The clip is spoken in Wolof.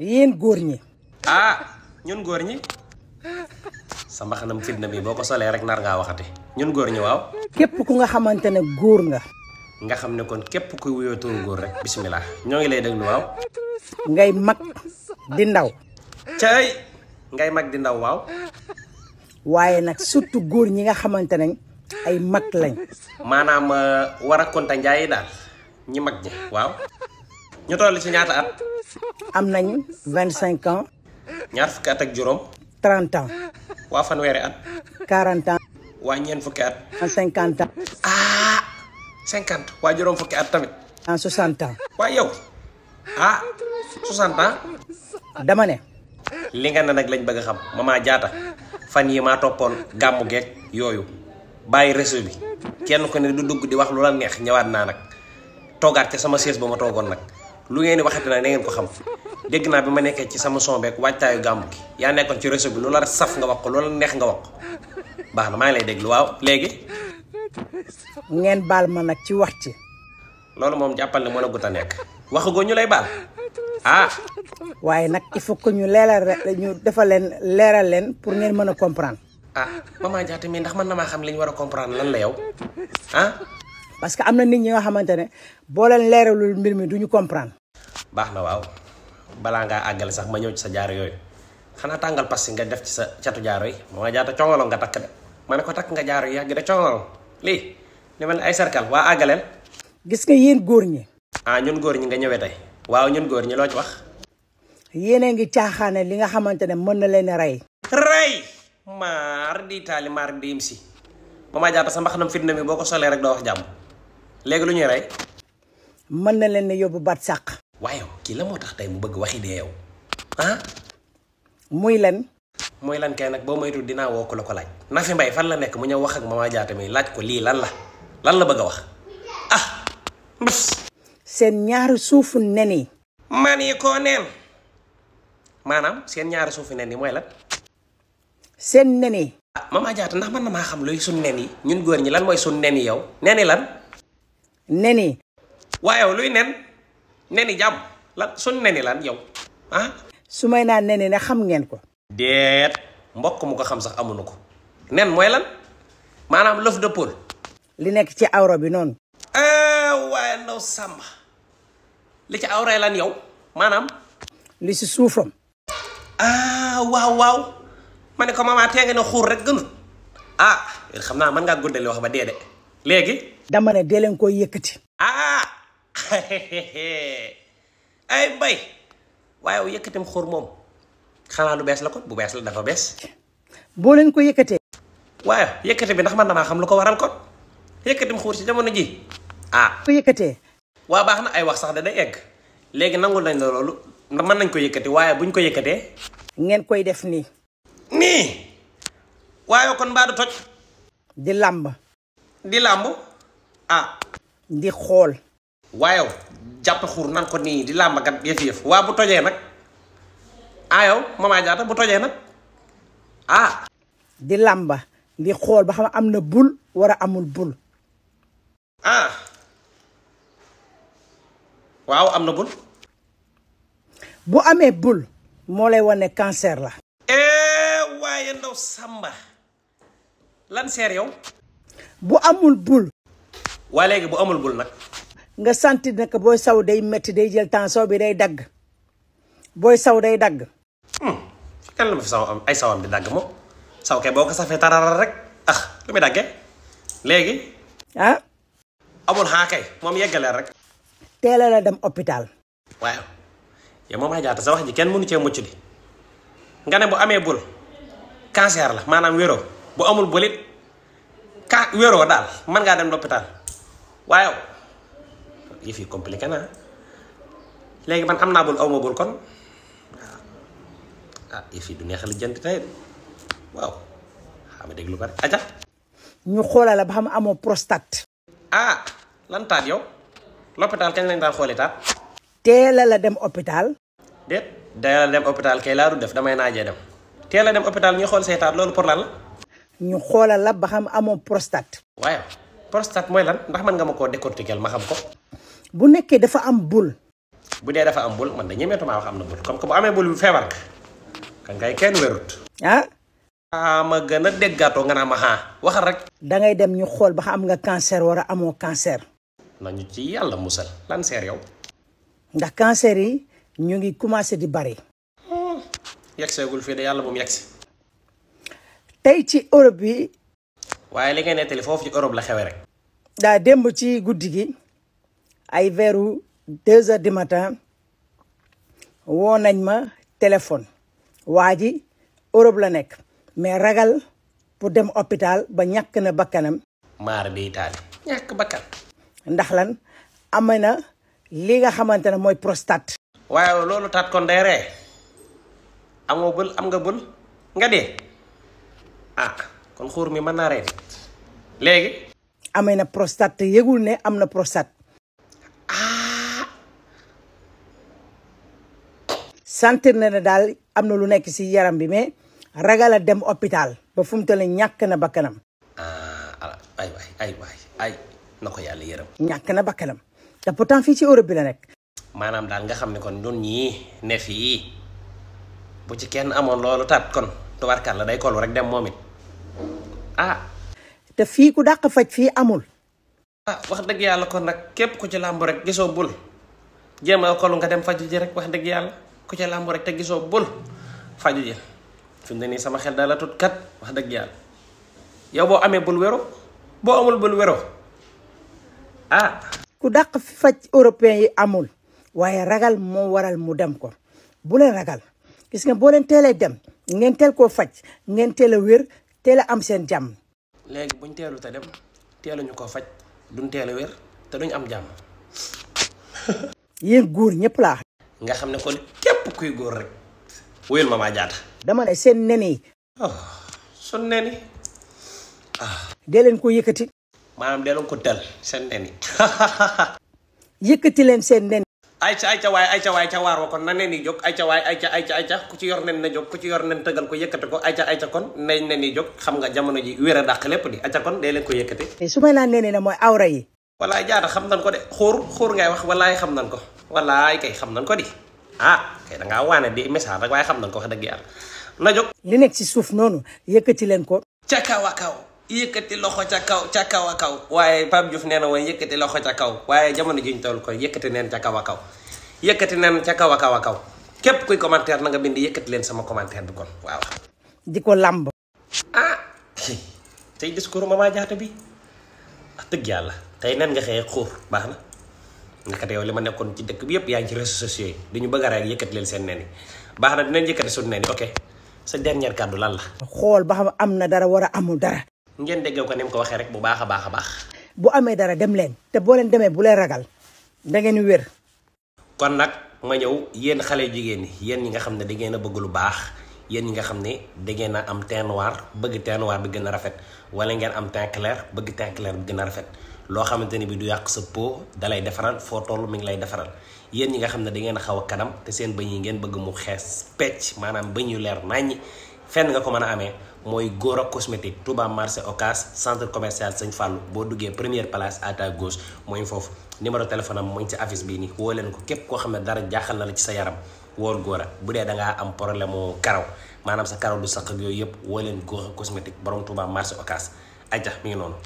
yéen góor ñi. ah ñun góor ñi. sama xanam fitna bi boo ko solee rek nar ngaa waxate ñun góor ñi waaw. képp ku nga xamante ne góor nga. nga xam ne kon képp kuy wuyoo turu góor rek bisimilah ñoo ngi lay déglu waaw. ngay mag di ndaw. cay ngay mag di ndaw waaw. waaye nag surtout góor ñi nga xamante ne ay mag lañ. maanaam euh, war a konta njaay daal ñi mag ñi waaw. ñu ci ñaata at. am nañ vingt cinq ans. ñaar fukki at ak juróom. trente ans. waa fanweeri at. quarante ans. waa ñeent fukki at. waa cinquante ans. Ah, cinquante waa juróom fukki at tamit. en soixante ans. waa yow ah soixante ans. dama ne. li nga ne nag lañ bëgg a xam maa jaata fan yi maa toppoon gàmmu geeg yooyu bàyyi réseau bi kenn ko ne du dugg di wax lu la neex ñëwaat naa nag toogaat ca sama sées ba ma toogoon nag. lu ngeen waxati nag na ngeen ko xam dégg naa bi ma nekkee ci sama son beeg waajtaayu gàmmu gi yaa nekkoon ci réseau bi lu la saf nga wax ko lu la neex nga wax ko baax na maa ngi lay déglu waaw léegi. ngeen baal ma nag ci wax ci. loolu moom jàppal ne mën a gut a nekk waxagoo ñu lay baal ah. waaye nag il faut que ñu leeral ñu defal leen leeral leen pour ngeen mën a comprendre. ah maman Diatta mii ndax mën na maa xam li ñu war a comprendre lan la yow ah. parce que am na nit ñi nga xamante ne boo leen leeralul mbir mi du ñu comprendre. baax na waaw balaa ngaa àggale sax ma ñëw ci sa jaaro yooyu xanaa tàngal pas si nga def ci sa catu jaaro yi ma nga jaata congolo nga takk de ma ne ko takk nga jaaro yi yàgg de congolo lii li mel ay sarkal waa àggaleel gis nga yéen góor ñi ah ñun góor ñi nga ñëwee tey waaw ñun góor ñi loo ci wax yéen a ngi caaxaane li nga xamante ne mën na leen rey rey maar di taali maar di im si mama jaata sa mbaxanam fitna mi boo ko solee rek doo wax jàmm léegi lu ñuy rey mën na leen ne yóbbu baat sàq waaye kii la moo tax tey mu bëgg waxi dee yow ah. muy lan. muy lan kay nag boo moytu dinaa woo ko la ko laaj. Nafi Mbaye fan la nekk mu ñëw wax ak mama mi laaj ko lii lan la lan la bëgg a wax ah mbës. seen ñaari suufu nen yi. man yi koo neen. seen ñaari suufu nen yi mooy lan. seen nen yi. ah ndax man na maa xam luy sun nen yi ñun góor ñi lan mooy sun nen yi yow nen lan. nen yi. luy nen. neni jàmm lan suñ neni lan yow ah? su may naan neni ne xam ngeen ko. deet mbokk mu ko xam sax amuñu ko. nen mooy lan maanaam lëf de poule. li nekk ci awra bi noonu. Eh, waaye li ci awra lan yow maanaam. li si suufam. ah waaw waaw ma ne ko maman tee nga ne xuur rek gënut ah xam naa mën ngaa guddali wax ba dee de léegi. dama ne dee leen koy yëkkati. Ah, ay mbay waaye yëkkatim xóor moom xanaa lu bees la kon bu bees la dafa bees. boo leen ko yëkkatee. waaye yëkkati bi ndax man maa xam lu ko waral ko yëkkatim xóor si jamono ji ah. ko yëkkatee. waa baax na ay wax sax da day egg léegi nangul nañ la loolu ndax mën nañ ko yëkkati waaye buñ ko yëkkatee. ngeen koy def nii. nii. waaye kon mbaa du toj. di làmb. di làmb ah. di xool. waayow jàpp xuur nan ko nii di làmbagat yëf yëf waa bu tojee nag ah yow Mama Diatta bu tojee nag ah. di làmba di xool ba xam am na bul war a amul bul. ah waaw am na bul. bu amee bul moo lay wane cancer la. Eh, waaye ndaw sàmba lan yow. bu amul bul. waa léegi bu amul bul nag. nga sentir ne booy saw day métti day jël tension bi day dagg booy saw day dagg. Hmm. kan la ma fi saw am ay sawam di dagg moom saw kay boo ko safee tarara rek ah lu muy daggee léegi. ah. amul xaa kay moom yeggaleel rek. teel a la dem hôpital. waaw yow moom Adja sa wax ji kenn mënu cee mucc di nga ne bu amee bul cancer la maanaam wéroo bu amul bulit ka wéroo daal mën ngaa dem l'hôpital waaye yëf yi compliqué léegi man am naa bul aw ma bul kon waaw ah yëf la du neexal jënd tey waaw xam ma déglu ko rek aja ñu xoolal la ba xam amoo prostate. ah lan taat yow l'hôpital kañ lañ daan xooli taat. teel a la dem hôpital. déet teel a dem hôpital kay laa du def damay naajee dem teel a dem hôpital ñuy xool say loolu pour lan la. ñu xoolal la ba xam amoo prostate. waaye prostate mooy lan ndax mën nga ma koo décortiquer ma xam ko. bu nekkee dafa am bul. bu dee dafa am bul man da ñemeetuma wax am na bul comme ko bu amee bul bi feebar ka kan ngay kenn wérut. ah. ah ma gën a déggaatoo nga naa ma ah waxal rek. dangay dem ñu xool ba xam nga cancer a amoo cancer. nañu ci yàlla musal lan yow. ndax cancer yi ñu ngi commencé di bari. Hmm. yeggseegul fii de yàlla moom yeggsi. tey ci Europe bi. waaye li ngay nettali foofu ci Europe la xewee rek. daa démb ci guddi gi. ay veru deux heures du matin woo nañ ma téléphone waa ji Europe la nekk mais ragal pour dem hôpital ba ñàkk na bakkanam maar bi taal ñàkk bakkan ndax lan amee na li nga xamante ne mooy prostate waaye loolu taat kon day ree am nga bël ah kon xuur mi mën naa léegi amee na prostate te yëgul ne am na prostate sentir na ne daal am na lu nekk si yaram bi mais ragala dem hôpital ba fu mu toll ñàkk na bakkanam. Ah, ay waay ay waay ay na ko yàlla yërëm. ñàkk na bakkanam te pourtant fii ci Europe bi la nekk. maanaam daal nga xam ne kon ñun ñii ne fii bu ci kenn amoon loolu taat kon tubarkaat la day kolu rek dem moom it ah. te fii ku daq faj fii amul. ah wax dëgg yàlla kon nag képp ku ci làmb rek gisoo bul jéem a kolu nga dem faj rek wax dëgg yàlla. ku ca làmb rek te gisoo bul faju ji fi mu ne nii sama xel daal la tut kat wax dëgg yàlla yow boo amee bul wero boo amul bul wero ah. ku dàq faj européen yi amul waaye ragal moo waral mu dem ko bu leen ragal gis nga boo leen teelee dem ngeen teel koo faj ngeen teel a wér teel a am seen jàmm. léegi buñ teelu te dem teeluñu koo faj duñ teel a wér te am jàmm. yéen góor ñëpp laa nga xam ne kon képp kuy góor rek wuyul ma ma jaata dama ne seen nen yi ah, sun ah. dee leen ko yëkkati maanaam dee leen ko dal seen nen yi yëkkati leen seen nen ayca ayca waay ayca waay ca waar wa na nen yi jóg ayca waay ayca ayca ku ci yor nen na jóg ku ci yor nen tëgal ko yëkkati ko ayca ayca kon nañ nen yi jóg xam nga jamono ji wér daq lépp di ayca kon dee leen ko yëkkati eh, su ma naa nen na ne mooy awra yi walaay jaata xam nan ko de xóor xóor ngay wax wallaay xam nan ko wallaay kay xam nañ ko di ah kay da ngaa waane di message rek waaye xam nañ ko wax dëgg yàlla na jóg. li nekk ci suuf noonu yëkkati leen ko. ca kaw a kaw yëkkati loxo ca kaw ca kaw a kaw. waaye Pape Diouf nee na woon yëkkati loxo ca kaw waaye jamono ji ñu toll ko yëkkati neen ca kaw a kaw yëkkati neen ca kaw a kaw a kaw képp kuy commentaire na nga bind yëkkati leen sama commentaire bi kon waaw. di ko làmb. ah tey discours Mama Diatta bi wax dëgg yàlla tey nen nga xëyee xuur baax na. naka yow li ma nekkoon ci dëkk bi yëpp yaa ngi ci réseaux sociaux yi dañu bëgg a rek yëkkati leen seen neen yi baax na dinañ yëkkati suñu neen yi ok sa dernière kàddu lan la. xool ba xam am na dara war a amul dara. ngeen déggee ko ni mu ko waxee rek bu baax a baax a baax. bu amee dara dem leen. te boo leen demee bu leen ragal da ngeen wér. kon nag ma ñëw yéen xale jigéen ñi yéen ñi nga xam ne da ngeen a bëgg lu baax yéen ñi nga xam ne da a am teint noir bëgg teint noir bi gën a rafet wala ngeen am teint clair bëgg teint gën a rafet loo xamante ni bi du yàq sa po dalay defaral foo tollu mi ngi lay defaral yéen ñi nga xam ne da ngeen xaw a kanam te seen bëñ yi ngeen bëgg mu xees pecc maanaam bëñ yu leer naññi fenn nga ko mën a amee mooy góor Gora cosmétique Touba marché Ocas centre commercial sañ Fallou boo duggee première place à ta gauche mooy foofu numéro téléphone am mooy ci affiche bii nii woo leen ko képp koo xam ne dara jaaxal na la ci sa yaram wool Gora bu dee da ngaa am problème mu karaw maanaam sa karaw du saq ak yooyu yëpp woo leen Gora cosmétique borom Touba marché Ocas ajax mi ngi noonu.